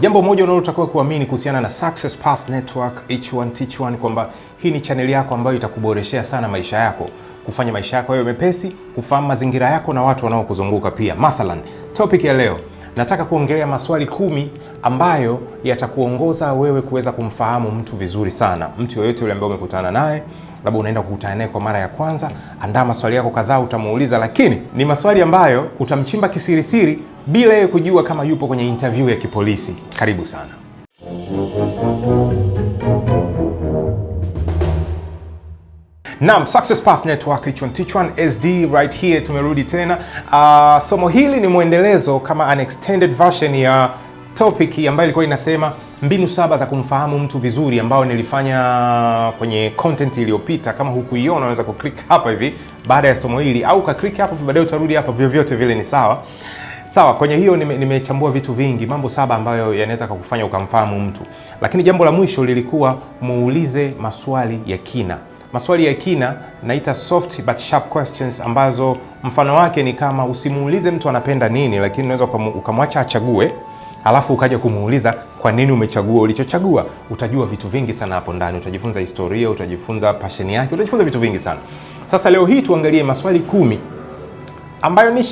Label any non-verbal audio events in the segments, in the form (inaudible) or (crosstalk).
Jambo moja unalotakiwa kuamini kuhusiana na Success Path Network H1 teach 1 kwamba hii ni chaneli yako ambayo itakuboreshea sana maisha yako, kufanya maisha yako yawe mepesi, kufahamu mazingira yako na watu wanaokuzunguka pia. Mathalan, topic ya leo nataka kuongelea maswali kumi ambayo yatakuongoza wewe kuweza kumfahamu mtu vizuri sana, mtu yoyote yule ambaye umekutana naye labda unaenda kukutana naye kwa mara ya kwanza, andaa maswali yako kadhaa utamuuliza, lakini ni maswali ambayo utamchimba kisirisiri bila yeye kujua kama yupo kwenye interview ya kipolisi. Karibu sana. Naam, Success Path Network, each one teach one SD right here, tumerudi tena. Uh, somo hili ni mwendelezo kama an extended version ya topic ambayo ilikuwa inasema mbinu saba za kumfahamu mtu vizuri, ambao nilifanya kwenye content iliyopita. Kama hukuiona, unaweza kuclick hapa hivi baada ya somo hili, au ukaclick hapa baadaye utarudi hapa, vyovyote vile ni sawa. Sawa, kwenye hiyo nimechambua nime vitu vingi, mambo saba ambayo yanaweza kukufanya ukamfahamu mtu, lakini jambo la mwisho lilikuwa muulize maswali ya kina. Maswali ya kina naita soft but sharp questions, ambazo mfano wake ni kama usimuulize mtu anapenda nini, lakini unaweza ukamwacha achague alafu ukaja kumuuliza kwa nini umechagua ulichochagua. Utajua vitu vingi sana hapo ndani, utajifunza historia, utajifunza passion yake, utajifunza vitu vingi sana. Sasa leo hii tuangalie maswali kumi ambayo ni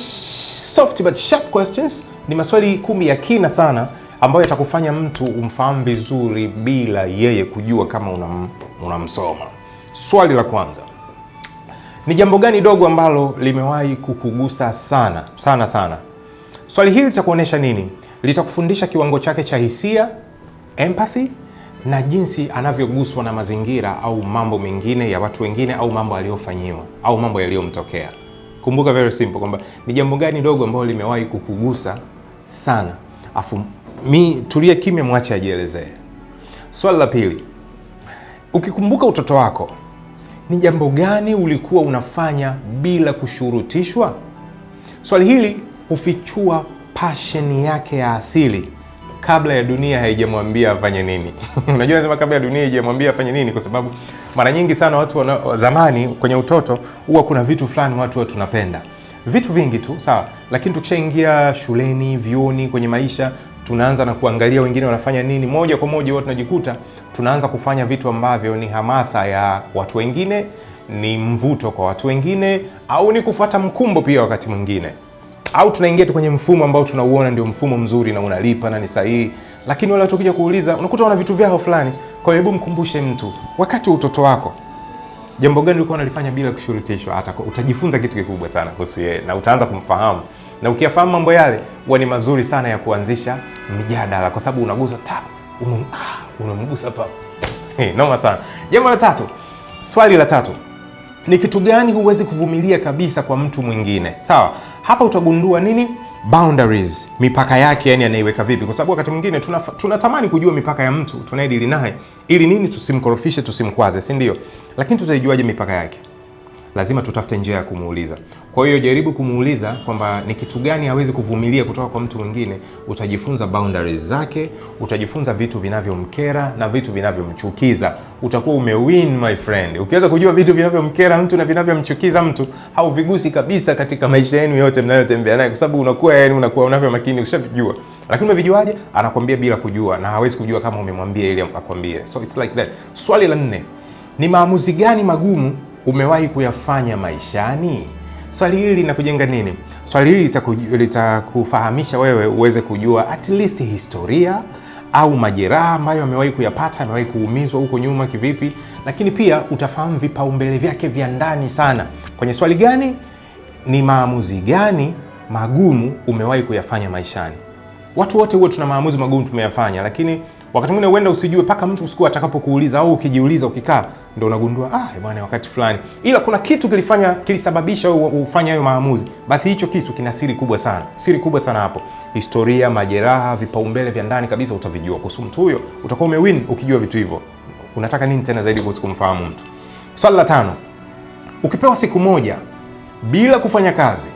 soft but sharp questions. Ni maswali kumi ya kina sana ambayo yatakufanya mtu umfahamu vizuri bila yeye kujua kama unam, unamsoma. Swali la kwanza ni jambo gani dogo ambalo limewahi kukugusa sana sana sana? Swali hili litakuonesha nini? Litakufundisha kiwango chake cha hisia empathy, na jinsi anavyoguswa na mazingira au mambo mengine ya watu wengine au mambo aliyofanyiwa au mambo yaliyomtokea kumbuka very simple kwamba ni jambo gani dogo ambalo limewahi kukugusa sana, afu mi tulie kimya, mwache ajielezee. Swali la pili, ukikumbuka utoto wako, ni jambo gani ulikuwa unafanya bila kushurutishwa? Swali hili hufichua passion yake ya asili kabla ya dunia haijamwambia afanye nini. (laughs) Unajua nasema kabla ya dunia haijamwambia afanye nini, kwa sababu mara nyingi sana watu wana, zamani kwenye utoto huwa kuna vitu fulani watu watu tunapenda vitu vingi tu sawa, lakini tukishaingia shuleni, vyuoni, kwenye maisha tunaanza na kuangalia wengine wanafanya nini, moja kwa moja huwa tunajikuta tunaanza kufanya vitu ambavyo ni hamasa ya watu wengine, ni mvuto kwa watu wengine, au ni kufuata mkumbo pia wakati mwingine au tunaingia tu kwenye mfumo ambao tunauona ndio mfumo mzuri na unalipa na ni sahihi, lakini wale watakuja kuuliza, unakuta wana vitu vyao fulani. Kwa hiyo hebu mkumbushe mtu wakati utoto wako jambo gani ulikuwa unalifanya bila kushurutishwa, hata utajifunza kitu kikubwa sana kuhusu yeye na utaanza kumfahamu, na ukiyafahamu mambo yale huwa ni mazuri sana ya kuanzisha mjadala, kwa sababu unagusa ta umemgusa ah, pa. (laughs) Hey, noma sana. Jambo la tatu, swali la tatu ni kitu gani huwezi kuvumilia kabisa kwa mtu mwingine. Sawa, hapa utagundua nini? Boundaries, mipaka yake, yani anaiweka vipi, kwa sababu wakati mwingine tunatamani tuna kujua mipaka ya mtu tunayedili naye, ili nini? Tusimkorofishe, tusimkwaze, si ndio? Lakini tutaijuaje mipaka yake? lazima tutafute njia ya kumuuliza. Kwa hiyo jaribu kumuuliza kwamba ni kitu gani hawezi kuvumilia kutoka kwa mtu mwingine. Utajifunza boundaries zake, utajifunza vitu vinavyomkera na vitu vinavyomchukiza. Utakuwa umewin my friend. Ukiweza kujua vitu vinavyomkera mtu na vinavyomchukiza mtu, hauvigusi kabisa katika maisha yenu yote mnayotembea naye, kwa sababu unakuwa yani, unakuwa unavyo makini ushajua. Lakini umevijuaje? Anakwambia bila kujua, na hawezi kujua kama umemwambia ili akwambie. So it's like that. Swali la nne ni maamuzi gani magumu umewahi kuyafanya maishani? Swali hili linakujenga nini? Swali hili litakufahamisha wewe uweze kujua at least historia au majeraha ambayo amewahi kuyapata, amewahi kuumizwa huko nyuma kivipi, lakini pia utafahamu vipaumbele vyake vya ndani sana kwenye swali gani, ni maamuzi gani magumu umewahi kuyafanya maishani. Watu wote huwa tuna maamuzi magumu tumeyafanya, lakini Wakati mwingine huenda usijue paka mtu usiku atakapokuuliza au ukijiuliza ukikaa ndio unagundua ah, e bwana wakati fulani, ila kuna kitu kilifanya kilisababisha ufanye hayo maamuzi, basi hicho kitu kina siri kubwa sana, siri kubwa sana hapo. Historia, majeraha, vipaumbele vya ndani kabisa utavijua kuhusu mtu huyo, utakuwa umewin ukijua vitu hivyo. Unataka nini tena zaidi kuhusu kumfahamu mtu? Swali la tano, ukipewa siku moja bila kufanya kazi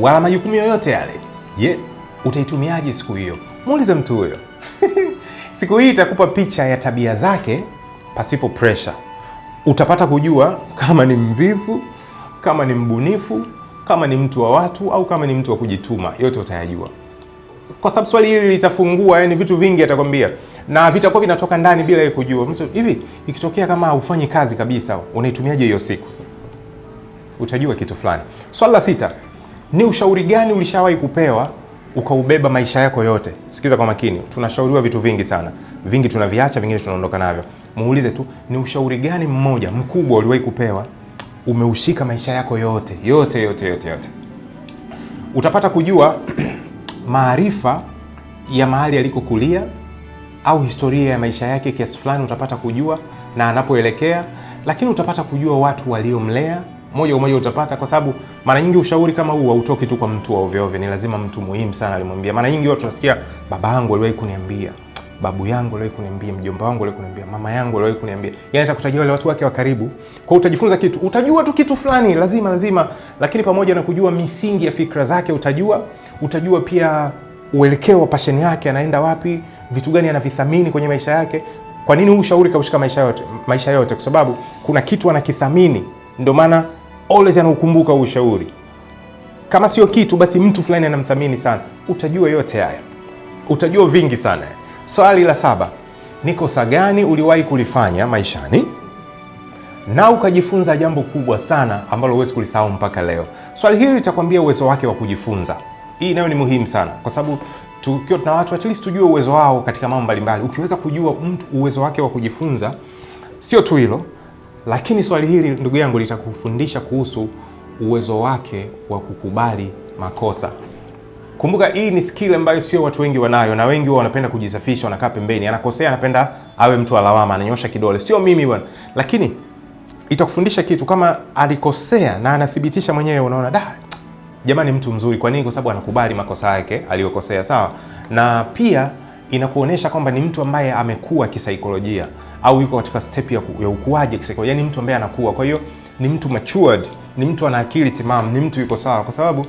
wala majukumu yoyote yale, je, utaitumiaje siku hiyo? Muulize mtu huyo (laughs) Siku hii itakupa picha ya tabia zake pasipo pressure. Utapata kujua kama ni mvivu, kama ni mbunifu, kama ni mtu wa watu au kama ni mtu wa kujituma. Yote utayajua kwa sababu swali hili litafungua, yani vitu vingi atakwambia na vitakuwa vinatoka ndani bila yeye kujua. Mtu Hivi ikitokea kama haufanyi kazi kabisa, unaitumiaje hiyo siku? Utajua kitu fulani. Swali la sita, ni ushauri gani ulishawahi kupewa ukaubeba maisha yako yote. Sikiza kwa makini, tunashauriwa vitu vingi sana, vingi tunaviacha, vingine tunaondoka navyo. Muulize tu, ni ushauri gani mmoja mkubwa uliwahi kupewa umeushika maisha yako yote yote yote yote yote? Utapata kujua (clears throat) maarifa ya mahali alikokulia au historia ya maisha yake kiasi fulani, utapata kujua na anapoelekea, lakini utapata kujua watu waliomlea moja kwa moja utapata, kwa sababu mara nyingi ushauri kama huu hautoki tu kwa mtu wa ovyo ovyo, ni lazima mtu muhimu sana alimwambia. Mara nyingi watu nasikia, baba yangu aliwahi kuniambia, babu yangu aliwahi kuniambia, mjomba wangu aliwahi kuniambia, mama yangu aliwahi kuniambia, yani atakutajia wale watu wake wa karibu. Kwa utajifunza kitu, utajua tu kitu fulani, lazima lazima, lakini pamoja na kujua misingi ya fikra zake, utajua utajua pia uelekeo wa passion yake, anaenda wapi, vitu gani anavithamini kwenye maisha yake. Kwa nini huu ushauri kaushika maisha yote, maisha yote? Kwa sababu kuna kitu anakithamini, ndio maana always anaukumbuka ushauri. Kama sio kitu basi mtu fulani anamthamini sana. Utajua yote haya, utajua vingi sana. Swali la saba, ni kosa gani uliwahi kulifanya maishani na ukajifunza jambo kubwa sana ambalo huwezi kulisahau mpaka leo? Swali hili litakwambia uwezo wake wa kujifunza. Hii nayo ni muhimu sana, kwa sababu tukiwa tuna watu at least tujue uwezo wao katika mambo mbalimbali. Ukiweza kujua mtu uwezo wake wa kujifunza, sio tu hilo lakini swali hili ndugu yangu litakufundisha kuhusu uwezo wake wa kukubali makosa. Kumbuka hii ni skill ambayo sio watu wengi wanayo, na wengi wao wanapenda kujisafisha, wanakaa pembeni, anakosea, anapenda awe mtu alawama, ananyosha kidole, sio mimi bwana. Lakini itakufundisha kitu, kama alikosea na anathibitisha mwenyewe, unaona da, jamani, mtu mzuri. Kwa nini? Kwa sababu anakubali makosa yake aliyokosea, sawa na pia inakuonyesha kwamba ni mtu ambaye amekuwa kisaikolojia au yuko katika step ya, ya ukuaji kisaikolojia, yani mtu ambaye anakuwa. Kwa hiyo ni mtu matured, ni mtu ana akili timamu, ni mtu yuko sawa, kwa sababu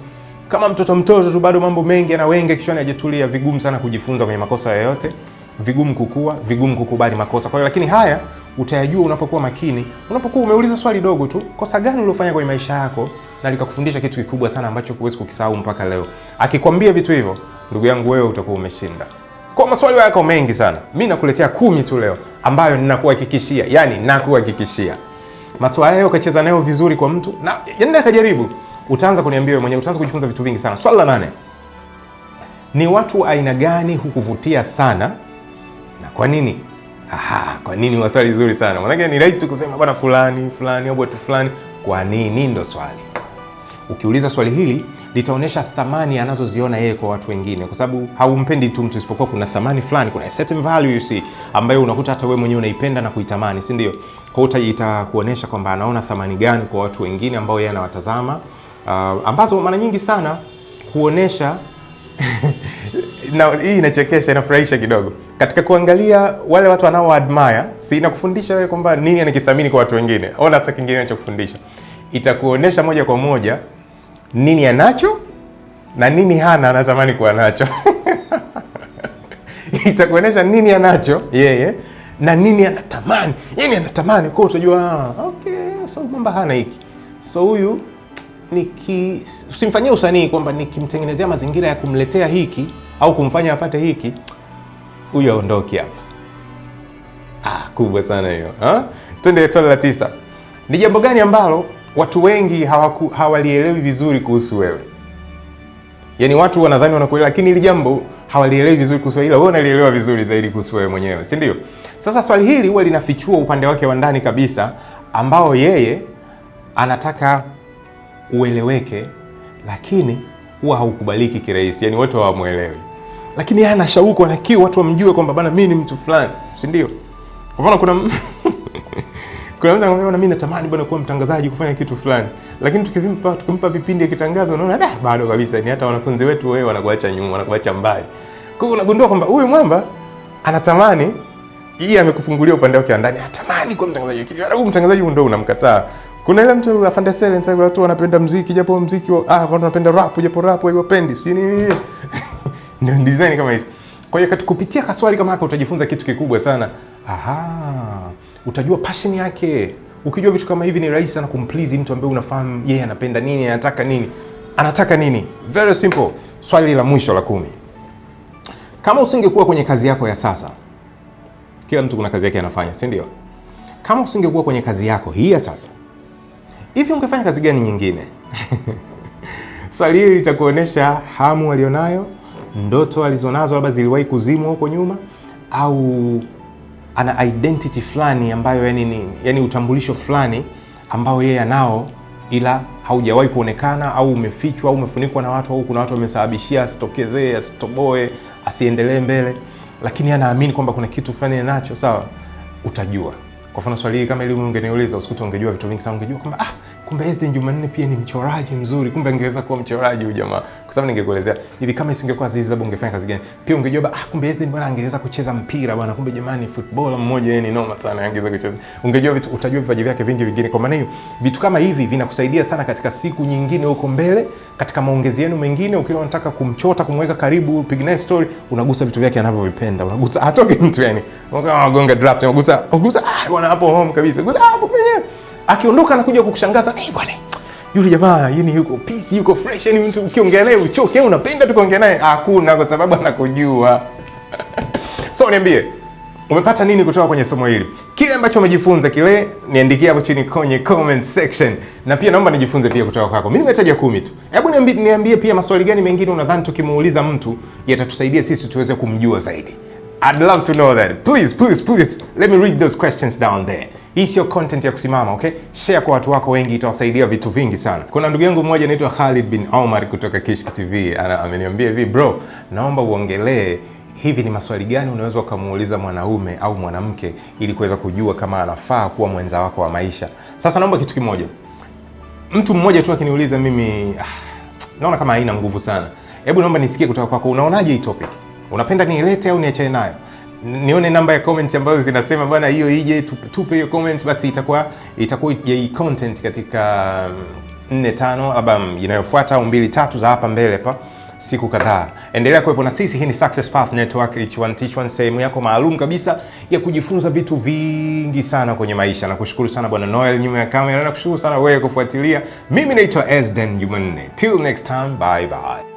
kama mtoto mtoto tu bado mambo mengi na wengi kichwani, hajatulia, vigumu sana kujifunza kwenye makosa yoyote, vigumu kukua, vigumu kukubali makosa. Kwa hiyo lakini haya utayajua unapokuwa makini, unapokuwa umeuliza swali dogo tu, kosa gani uliofanya kwenye maisha yako, na likakufundisha kitu kikubwa sana ambacho huwezi kukisahau mpaka leo. Akikwambia vitu hivyo, ndugu yangu, wewe utakuwa umeshinda. Kwa maswali yako mengi sana, mi nakuletea kumi tu leo ambayo ninakuhakikishia, yani nakuhakikishia maswali hayo ukacheza nayo vizuri kwa mtu na yani akajaribu, utaanza kuniambia wewe mwenyewe, utaanza kujifunza vitu vingi sana. Swali la nane ni watu wa aina gani hukuvutia sana na kwa nini? Aha, kwa nini ni zuri sana maanake ni rahisi kusema bwana fulani fulani au watu fulani. Kwa nini ndo swali. Ukiuliza swali hili litaonyesha thamani anazoziona yeye kwa watu wengine, kwa sababu haumpendi tu mtu, isipokuwa kuna thamani fulani, kuna certain value you see, ambayo unakuta hata wewe mwenyewe unaipenda na kuitamani, si ndio? Kwa hiyo itakuonyesha kwamba anaona thamani gani kwa watu wengine ambao yeye anawatazama, uh, ambazo mara nyingi sana huonesha (laughs) na hii inachekesha, inafurahisha kidogo. Katika kuangalia wale watu wanao admire, si inakufundisha wewe kwamba nini anakithamini kwa watu wengine, au sasa kingine anachokufundisha, itakuonesha moja kwa moja nini anacho na nini hana anatamani kuwa nacho (laughs) itakuonyesha nini anacho yeye na nini anatamani, yani anatamani kwa utajua, ah, okay, so mambo hana hiki, so huyu niki simfanyie usanii kwamba nikimtengenezea mazingira ya kumletea hiki au kumfanya apate hiki, huyu aondoki hapa. Ah, kubwa sana hiyo. Twende swali la tisa, ni jambo gani ambalo watu wengi hawaku, hawalielewi vizuri kuhusu wewe. Yaani watu wanadhani wanakuelewa, lakini hili jambo hawalielewi vizuri kuhusu wewe, ila wewe unalielewa vizuri zaidi kuhusu wewe mwenyewe, si ndio? Sasa swali hili huwa linafichua upande wake wa ndani kabisa ambao yeye anataka ueleweke, lakini huwa haukubaliki kirahisi, yaani watu hawamuelewi, lakini yeye ana shauku, ana kiu, watu wamjue kwamba bana, mimi ni mtu fulani, si ndio? Kwa mfano kuna (laughs) Kuna mtu anakuambia mimi natamani bwana kuwa mtangazaji kufanya kitu fulani. Lakini tukimpa tukimpa vipindi akitangaza unaona da bado kabisa ni yaani hata wanafunzi wetu wewe wanakuacha nyuma, wanakuacha mbali. Kwa hiyo unagundua kwamba huyu mwamba anatamani hii amekufungulia upande wake ndani, anatamani kuwa mtangazaji. Huyu mtangazaji ndio unamkataa. Kuna ile mtu afande sele ndio watu wanapenda muziki japo muziki ah watu wanapenda rap japo rap hawapendi. Si nini? (laughs) Ndio design kama hizi. Kwa hiyo kupitia kaswali kama haka utajifunza kitu kikubwa sana. Aha utajua passion yake. Ukijua vitu kama hivi, ni rahisi sana kumplizi mtu ambaye unafahamu yeye anapenda nini, anataka nini, anataka nini. Very simple. Swali la mwisho la kumi, kama usingekuwa kwenye kazi yako ya sasa, kila mtu kuna kazi yake anafanya, si ndio? Kama usingekuwa kwenye kazi yako hii ya sasa, hivi ungefanya kazi gani nyingine? (laughs) Swali hili litakuonyesha hamu alionayo, ndoto alizonazo, labda ziliwahi kuzimwa huko nyuma au ana identity fulani ambayo yani ni yani utambulisho fulani ambao yeye anao ila haujawahi kuonekana au umefichwa au umefunikwa na watu au kuna watu wamesababishia asitokezee, asitoboe, asiendelee mbele, lakini anaamini kwamba kuna kitu fulani nacho. Sawa, utajua. Kwa mfano swali hili kama elimu ungeniuliza usikute, ungejua vitu vingi sana, ungejua kwamba ah kumbe Hesden Jumanne pia ni mchoraji mzuri, kumbe angeweza kuwa mchoraji huyu jamaa, kwa sababu ningekuelezea hivi, kama isingekuwa Zabu ungefanya kazi gani? Pia ungejua ah, kumbe Hesden bwana angeweza kucheza mpira bwana, kumbe jamani, football mmoja yeye ni noma sana, angeweza kucheza. Ungejua vitu, utajua vipaji vyake vingi vingine. Kwa maana hiyo, vitu kama hivi vinakusaidia sana katika siku nyingine huko mbele, katika maongezi yenu mengine, ukiwa unataka kumchota, kumweka karibu, pig nice story, unagusa vitu vyake anavyovipenda, unagusa hatoki mtu yani, unagonga ah, draft, unagusa unagusa, ah bwana, hapo home kabisa, unagusa ah, hapo penyewe akiondoka anakuja kukushangaza hey, bwana yule jamaa yani yuko peace, yuko fresh, yani mtu ukiongea naye uchoke, unapenda tu kuongea naye hakuna, kwa sababu anakujua. (laughs) So niambie umepata nini kutoka kwenye somo hili? Kile ambacho umejifunza kile niandikia hapo chini kwenye comment section, na pia naomba nijifunze pia kutoka kwako. Mimi nimetaja kumi tu, hebu niambie, niambie pia maswali gani mengine unadhani tukimuuliza mtu yatatusaidia sisi tuweze kumjua zaidi. I'd love to know that. Please, please, please let me read those questions down there. Hii sio content ya kusimama, okay? Share kwa watu wako wengi, itawasaidia vitu vingi sana. Kuna ndugu yangu mmoja anaitwa Khalid bin Omar kutoka Kishki TV ameniambia hivi, bro, naomba uongelee hivi ni maswali gani unaweza ukamuuliza mwanaume au mwanamke ili kuweza kujua kama anafaa kuwa mwenza wako wa maisha. Sasa naomba kitu kimoja, mtu mmoja tu akiniuliza mimi, ah, naona kama haina nguvu sana. Hebu naomba nisikie kutoka kwako, unaonaje hii topic? Unapenda niilete au niachane nayo? nione namba ya comments ambazo zinasema bwana, hiyo ije, tupe hiyo comment, basi itakuwa itakuwa ya content katika 4 mm, tano album mm, inayofuata au mbili tatu za hapa mbele hapa siku kadhaa. Endelea kuwepo na sisi. Hii ni Success Path Network, each one teach one, sehemu yako maalum kabisa ya kujifunza vitu vingi sana kwenye maisha. Nakushukuru sana bwana Noel nyuma ya kamera, nakushukuru sana wewe kufuatilia. Mimi naitwa Esden Jumanne, till next time, bye bye.